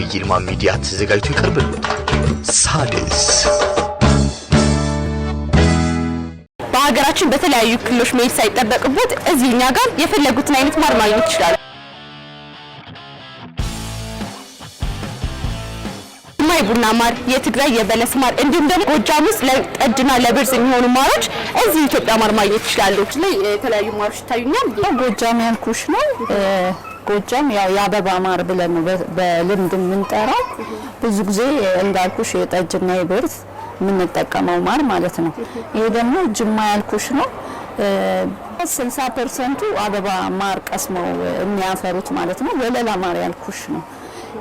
በዐቢይ ይልማ ሚዲያ ተዘጋጅቶ ይቀርብልዎታል። ሣድስ በሀገራችን በተለያዩ ክልሎች መሄድ ሳይጠበቅበት እዚህ እኛ ጋር የፈለጉትን አይነት ማር ማግኘት ይችላሉ። ቡና ማር፣ የትግራይ የበለስ ማር እንዲሁም ደግሞ ጎጃም ውስጥ ለጠጅና ለብርዝ የሚሆኑ ማሮች እዚህ ኢትዮጵያ ማር ማግኘት ይችላሉ። ላይ የተለያዩ ማሮች ይታዩኛል። ጎጃም ያልኩሽ ነው። ጎጃም ያው የአበባ ማር ብለን በልምድ የምንጠራው ብዙ ጊዜ እንዳልኩሽ የጠጅና የብርት የምንጠቀመው ማር ማለት ነው። ይሄ ደግሞ ጅማ ያልኩሽ ነው። 60 ፐርሰንቱ አበባ ማር ቀስመው የሚያፈሩት ማለት ነው። ወለላ ማር ያልኩሽ ነው።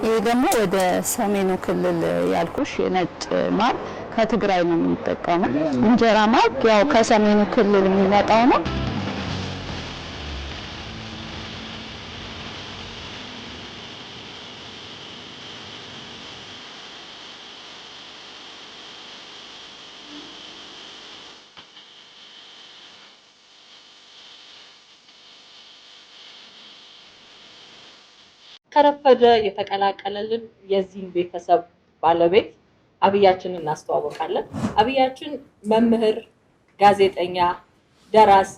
ይሄ ደግሞ ወደ ሰሜኑ ክልል ያልኩሽ የነጭ ማር ከትግራይ ነው የሚጠቀመው። እንጀራ ማር ያው ከሰሜኑ ክልል የሚመጣው ነው። የተረፈደ የተቀላቀለልን የዚህን ቤተሰብ ባለቤት አብያችን እናስተዋወቃለን። አብያችን መምህር፣ ጋዜጠኛ፣ ደራሲ፣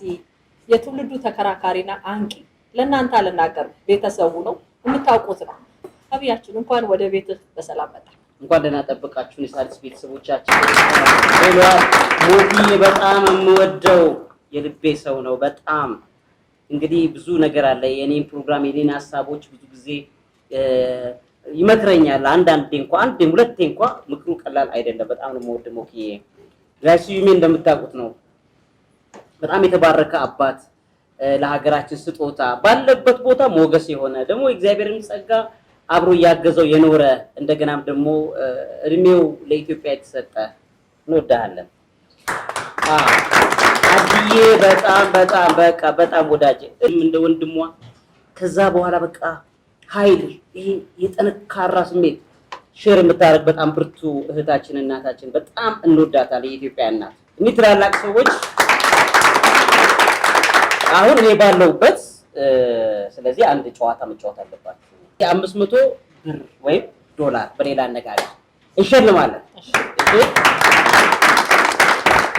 የትውልዱ ተከራካሪና አንቂ ለእናንተ አልናገርም፣ ቤተሰቡ ነው የምታውቁት ነው። አብያችን እንኳን ወደ ቤትህ በሰላም መጣ። እንኳን ደህና ጠብቃችሁን የሣድስ ቤተሰቦቻችን። ሞቢ በጣም የምወደው የልቤ ሰው ነው በጣም እንግዲህ ብዙ ነገር አለ። የኔን ፕሮግራም የኔን ሀሳቦች ብዙ ጊዜ ይመክረኛል። አንዳንዴ እንኳ አንዴ ሁለቴ እንኳ ምክሩ ቀላል አይደለም። በጣም ነው የምወደው ሞክዬ። ስዩሜ እንደምታውቁት ነው በጣም የተባረከ አባት፣ ለሀገራችን ስጦታ፣ ባለበት ቦታ ሞገስ የሆነ ደግሞ እግዚአብሔርን ጸጋ አብሮ እያገዘው የኖረ እንደገናም ደግሞ እድሜው ለኢትዮጵያ የተሰጠ እንወዳሃለን። እዝዬ በጣም በጣም በቃ በጣም ወዳጅ እንደ ወንድሟ ከዛ በኋላ በቃ ኃይል ይሄ የጠንካራ ስሜት ሼር የምታደርግ በጣም ብርቱ እህታችን እናታችን በጣም እንወዳታለን። የኢትዮጵያ እናት እኒ ትላላቅ ሰዎች አሁን እኔ ባለሁበት ስለዚህ አንድ ጨዋታ መጫወት አለባችሁ። የአምስት መቶ ብር ወይም ዶላር በሌላ አነጋገር እንሸልማለን።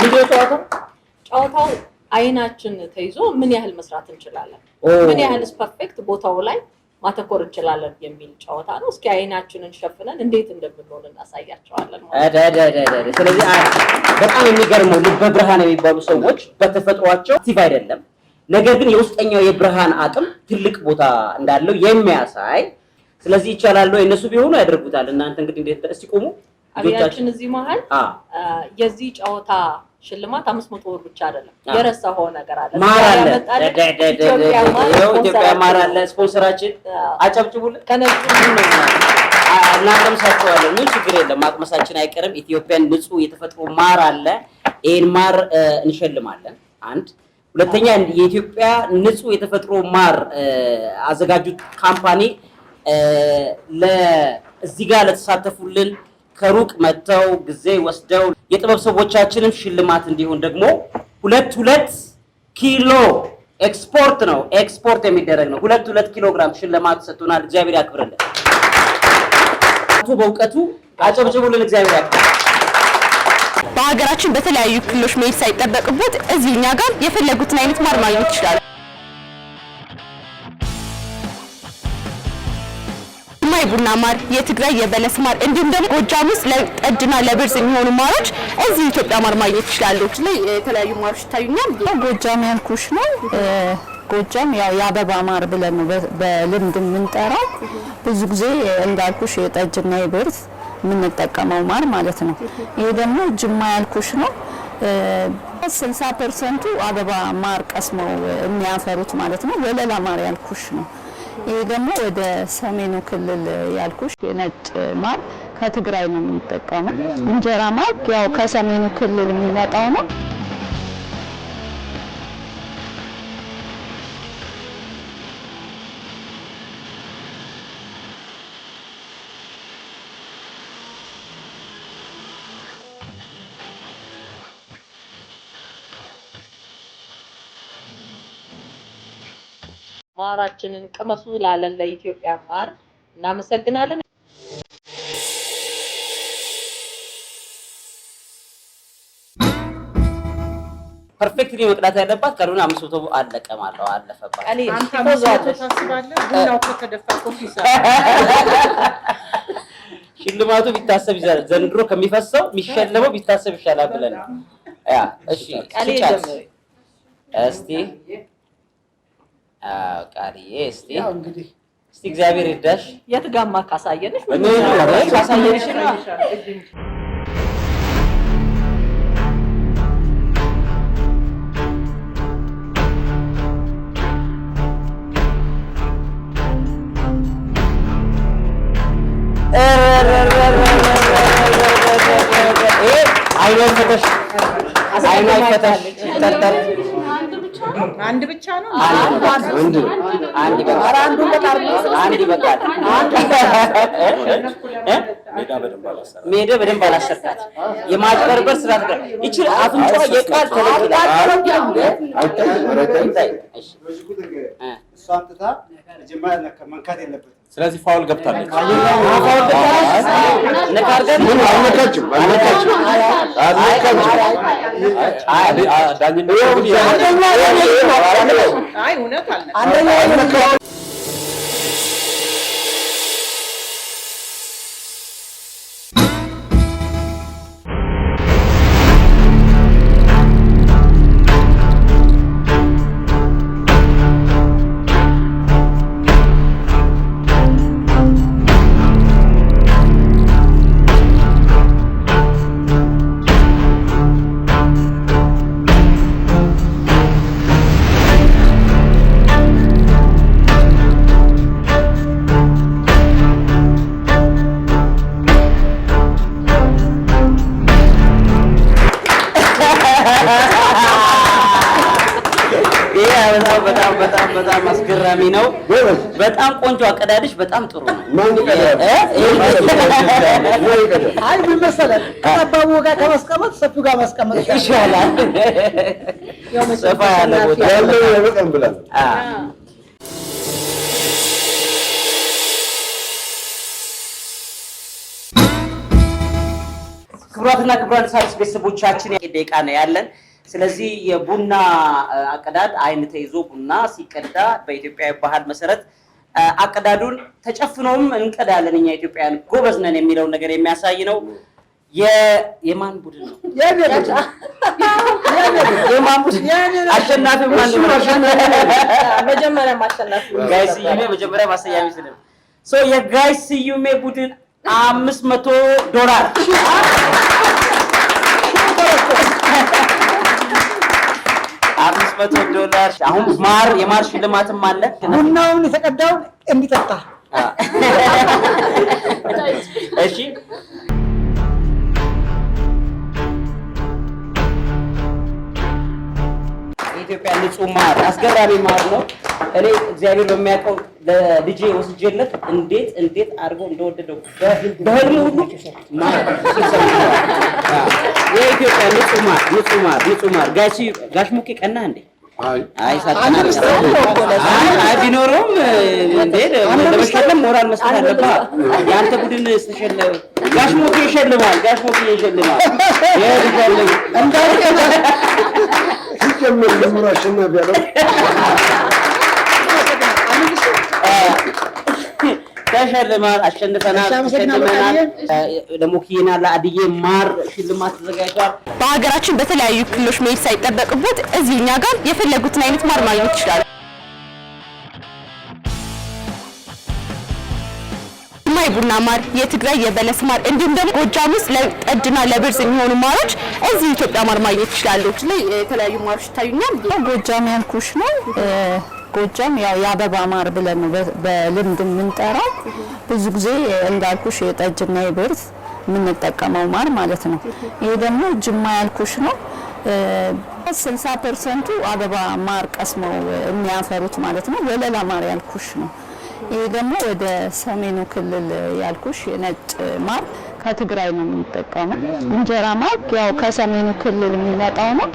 ምንድን ነው ጨዋታው? ጨዋታው አይናችን ተይዞ ምን ያህል መስራት እንችላለን፣ ምን ያህልስ ፐርፌክት ቦታው ላይ ማተኮር እንችላለን የሚል ጨዋታ ነው። እስኪ አይናችንን ሸፍነን እንዴት እንደምንሆን እናሳያቸዋለን። ስለዚህ በጣም የሚገርመው ልበ ብርሃን የሚባሉ ሰዎች በተፈጥሯቸው ቲቭ አይደለም፣ ነገር ግን የውስጠኛው የብርሃን አቅም ትልቅ ቦታ እንዳለው የሚያሳይ ስለዚህ ይቻላል። እነሱ ቢሆኑ ያደርጉታል። እናንተ እንግዲህ እንዴት እስቲ ቁሙ። አብያችን እዚህ መሀል የዚህ ጨዋታ ሽልማት አምስት መቶ ብር ብቻ አይደለም። የረሳኸው ነገር አለ። ማር አለ፣ ኢትዮጵያ ማር አለ። ስፖንሰራችን አጨብጭቡልን። እናቀምሳቸዋለን። ምን ችግር የለም። ማቅመሳችን አይቀርም። ኢትዮጵያን ንጹህ የተፈጥሮ ማር አለ። ይህን ማር እንሸልማለን። አንድ ሁለተኛ የኢትዮጵያ ንጹህ የተፈጥሮ ማር አዘጋጁት ካምፓኒ ለእዚህ ጋር ለተሳተፉልን ከሩቅ መጥተው ጊዜ ወስደው የጥበብ ሰዎቻችንም ሽልማት እንዲሆን ደግሞ ሁለት ሁለት ኪሎ ኤክስፖርት ነው ኤክስፖርት የሚደረግ ነው። ሁለት ሁለት ኪሎ ግራም ሽልማት ሰጥቶናል። እግዚአብሔር ያክብርልን። አቶ በእውቀቱ አጨብጭቡልን። እግዚአብሔር ያክብርልን። በሀገራችን በተለያዩ ክልሎች መሄድ ሳይጠበቅበት እዚህ እኛ ጋር የፈለጉትን አይነት ማር ማግኘት ይችላሉ። የቡና ማር፣ የትግራይ የበለስ ማር እንዲሁም ደግሞ ጎጃም ውስጥ ለጠጅና ለብርዝ የሚሆኑ ማሮች እዚህ ኢትዮጵያ ማር ማግኘት ይችላሉ። ላይ የተለያዩ ማሮች ይታዩኛል። ጎጃም ያልኩሽ ነው። ጎጃም ያው የአበባ ማር ብለን ነው በልምድ የምንጠራው። ብዙ ጊዜ እንዳልኩሽ የጠጅና የብርዝ የምንጠቀመው ማር ማለት ነው። ይሄ ደግሞ ጅማ ያልኩሽ ነው። ስልሳ ፐርሰንቱ አበባ ማር ቀስመው የሚያፈሩት ማለት ነው። ወለላ ማር ያልኩሽ ነው። ይህ ደግሞ ወደ ሰሜኑ ክልል ያልኩሽ የነጭ ማር ከትግራይ ነው የሚጠቀመው። እንጀራ ማር ያው ከሰሜኑ ክልል የሚመጣው ነው። ማራችንን ቅመሱ ላለን ለኢትዮጵያ ማር እናመሰግናለን። ፐርፌክትሊ መቅዳት ያለባት ቀኑን አምስት መቶ አለቀ ማለት ነው። አለፈባት ሽልማቱ ቢታሰብ ይዛል። ዘንድሮ ከሚፈሰው የሚሸለመው ቢታሰብ ይሻላል ብለን ያ እሺ እስቲ ቃልዬ እስቲ እስቲ እግዚአብሔር ይርዳሽ። የትጋማ ካሳየንሽ ካሳየንሽ አይነት አይፈታሽ ይጠጣል አንድ ብቻ ነው። አንድ ይበቃል። አንድ ይበቃል። ሜዳ በደንብ አላሰርካት። የማጭበርበር ስራ ይቺ አፍንጫ የቃል ተለቅላል። መንካት የለበትም ስለዚህ ፋውል ገብታለች። ዳኝነት ነው። በጣም ቆንጆ አቀዳደሽ፣ በጣም ጥሩ ነው። ምን መሰለህ ከጠባቡ ጋር ከማስቀመጥ ሰፊው ጋር ማስቀመጥ ይሻላል። ሰፋ ያለ ቦታ ክቡራትና ክቡራን ሣድስ ቤተሰቦቻችን ደቂቃ ነው ያለን። ስለዚህ የቡና አቀዳድ አይን ተይዞ ቡና ሲቀዳ በኢትዮጵያዊ ባህል መሰረት አቀዳዱን ተጨፍኖም እንቀዳለን እኛ ኢትዮጵያውያን ጎበዝ ነን የሚለውን ነገር የሚያሳይ ነው። የማን ቡድን ነው? የማን ቡድን አሸናፊ ማን መጀመሪያ ስዩሜ ማሰያሚ ስለም ሶ ቡድን አምስት መቶ ዶላር አምስት መቶ ዶላር አሁን ማር የማር ሽልማትም አለ። ቡናውን የተቀዳውን እንዲጠጣ እሺ። የኢትዮጵያ ንጹህ ማር አስገራሚ ማር ነው። እኔ እግዚአብሔር በሚያውቀው ለልጄ ወስጄለት እንዴት እንዴት አድርጎ እንደወደደው በህልም ሁሉ የኢትዮጵያ ንጹህ ማር ንጹህ ማር ንጹህ ማር ጋሽ ጋሽ ሙቂ ቀና እንዴ? አይ አይ ቢኖረውም እንዴ ለመሸለም ሞራል መስጠት አለባ። የአንተ ቡድን ስተሸለመ ጋሽ ሙቂ ይሸልማል። ጋሽ ሙቂ ይሸልማል። ይሄድልኝ ሲጀምር አሸናፊ ያለው ሽልማት አሸንፈናል አሸንፈናል። ለሙኪና ለአድዬ ማር ሽልማት ተዘጋጅቷል። በሀገራችን በተለያዩ ክልሎች መሄድ ሳይጠበቅበት እዚህ እኛ ጋር የፈለጉትን አይነት ማር ማግኘት ይችላል። ማይ ቡና ማር፣ የትግራይ የበለስ ማር እንዲሁም ደግሞ ጎጃም ውስጥ ለጠጅና ለብርዝ የሚሆኑ ማሮች እዚህ ኢትዮጵያ ማር ማግኘት ይችላሉ። የተለያዩ ማሮች ይታዩኛል። ጎጃም ያልኩሽ ነው ጎጃም ያው የአበባ ማር ብለን በልምድ የምንጠራው። ብዙ ጊዜ እንዳልኩሽ የጠጅና የብርዝ የምንጠቀመው ማር ማለት ነው። ይሄ ደግሞ ጅማ ያልኩሽ ነው። ስልሳ ፐርሰንቱ አበባ ማር ቀስመው የሚያፈሩት ማለት ነው። ወለላ ማር ያልኩሽ ነው። ይሄ ደግሞ ወደ ሰሜኑ ክልል ያልኩሽ የነጭ ማር ከትግራይ ነው የምንጠቀመው። እንጀራ ማር ያው ከሰሜኑ ክልል የሚመጣው ነው።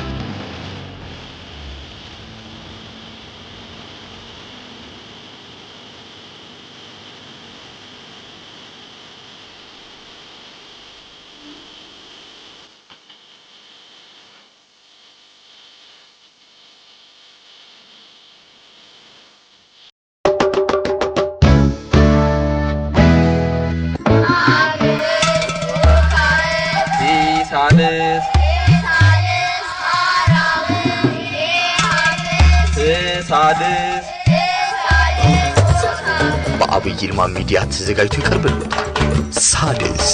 ሳድስ ሳልስ በአብይ ይልማ ሚዲያ ተዘጋጅቶ ይቀርብልዎታል። ሳድስ